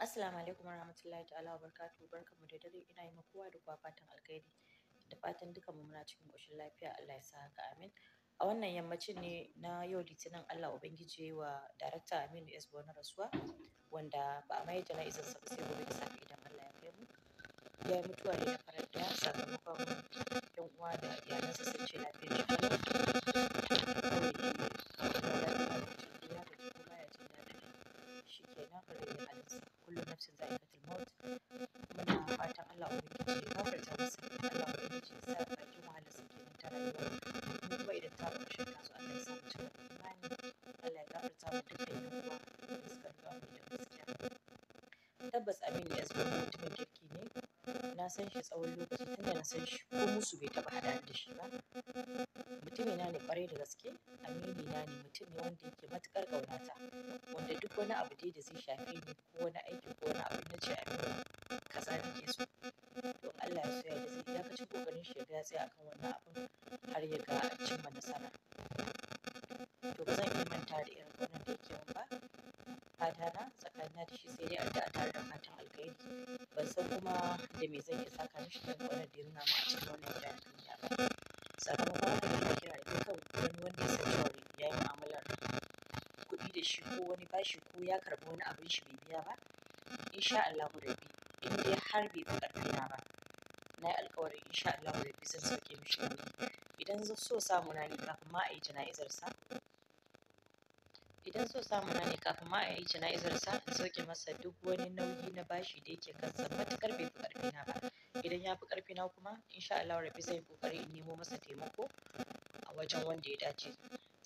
Assalamu alaikum warahmatullahi ta'ala wabarakatuh barkanmu da dare ina yi kowa da kowa fatan alkhairi da fatan duka mu muna cikin koshin lafiya Allah ya sa haka amin a wannan yammacin ne na yau litinin Allah ubangiji yi wa darakta Aminu S Bono rasuwa wanda ba a mai jana'izar sa ba sai gobe da safe idan Allah ya kai mu ya yi mutuwa ne da farar daya sakamakon yan uwa da iyalansa sun ce Tabbas Aminu Esco mutumin kirki ne, na san shi tsawon lokaci tun da na san shi ko musu bai taɓa haɗa da shi ba. Mutumina ne ƙwarai da gaske, Aminu na ne mutum ne wanda yake matuƙar ƙaunata, wanda duk wani abu dai da zai shafe ni ko wani aiki ko wani abu na ce Aminu kaza ke so. to Allah ya soya da zai dakacin ƙoƙarin shi ya ga ya tsaya akan wannan abin har ya ga cimma nasara. To ba zan iya manta da irin wannan da yake min ba, fata na tsakanina da shi sai dai addu'a tare da fatan alkhairi ban san kuma da me zan iya saka mishi da wannan da ya nuna mu a cikin wannan gida da ba sakamakon haka ina kira da dukkan wani wanda ya san cewa ya yi mu'amalar kuɗi da shi ko wani bashi ko ya karɓi wani abin shi bai biya ba insha Allahu bi, in dai har bai fi ƙarfina ba na yi alƙawarin insha Allahu rabbi zan sauke mishi nauyi idan so samuna na ne kafin ma a yi jana'izarsa idan so samu na ne kafin ma a yi jana'izar sa in sauke masa duk wani nauyi na bashi da yake kansa matukar bai fi karfi na ba idan ya fi karfi na kuma insha Allah rabbi zai kokari in nemo masa taimako a wajen wanda ya dace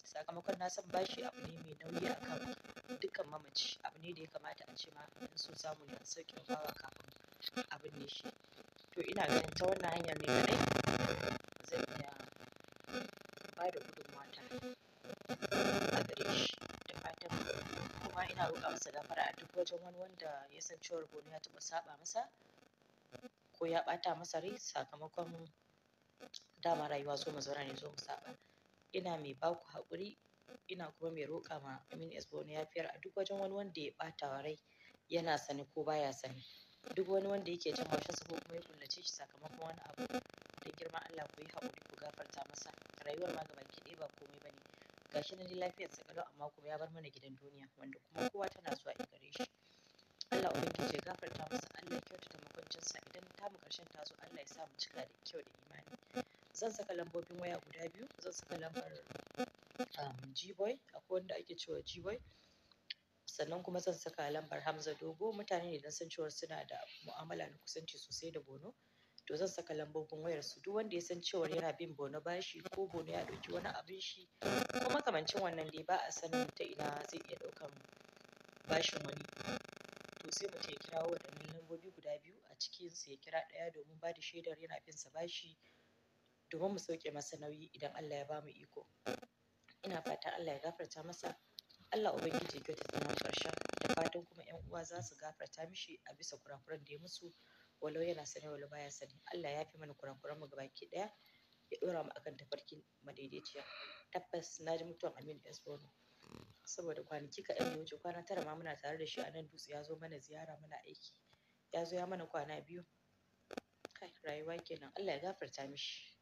sakamakon na san bashi abu ne mai nauyi a kan dukkan mamaci abu ne da ya kamata a ce ma in so samu ne sauke bawa kafin abin ne shi to ina ganin ta wannan hanyar ne kadai zan iya ba da gudunmawa ta ina roƙa masa gafara a duk wajen wani wanda ya san cewar Bono ya taɓa saɓa masa ko ya ɓata masa rai sakamakon dama rayuwa zo mu ne zo mu saɓa ina mai baku haƙuri ina kuma mai roƙa ma Amin S Bono yafiyar a duk wajen wani wanda ya ɓata wa rai yana sani ko baya sani duk wani wanda yake jin sa ko kuma ya kullace shi sakamakon wani abu da girman Allah ku yi haƙuri ku gafarta masa rayuwar ma gaba ki ɗaya ba komai ba ne. gashi nan lafiyar sa kalau amma kuma ya bar mana gidan duniya wanda kuma kowa tana zuwa a gare shi Allah ubangiji ya gafarta masa Allah ya kyautata sa idan ta mu karshen ta zo Allah ya sa mu cika da kyau da imani zan saka lambobin waya guda biyu zan saka lambar a um, akwai wanda ake cewa jiboi sannan kuma zan saka lambar Hamza Dogo mutane ne dan san cewa suna da mu'amala na kusanci sosai da gono. to zan saka lambobin wayar su duk wanda ya san cewa yana bin bono bashi ko bono ya ɗauki wani abin shi ko makamancin wannan dai ba a sanin ta ina zai iya ɗaukan bashin wani to sai mutum ya kirawo waɗannan lambobi guda biyu a cikin su ya kira ɗaya domin ba da shaidar yana bin sa bashi domin mu sauke masa nauyi idan Allah ya bamu iko ina fatan Allah ya gafarta masa Allah ubangiji ya kyautata na ƙarshen da fatan kuma 'yan uwa za su gafarta mishi a bisa kurakuran da ya musu walau yana sani walau baya sani Allah ya fi mana kurakuran mu gabaki ɗaya, ya dora mu akan tafarkin madaidaiciya tabbas na ji mutuwar Aminu Esbono saboda kwanaki kaɗan da wuce kwana tara ma muna tare da shi a nan dutse ya zo mana ziyara muna aiki ya zo ya mana kwana biyu kai rayuwa kenan Allah ya gafarta mishi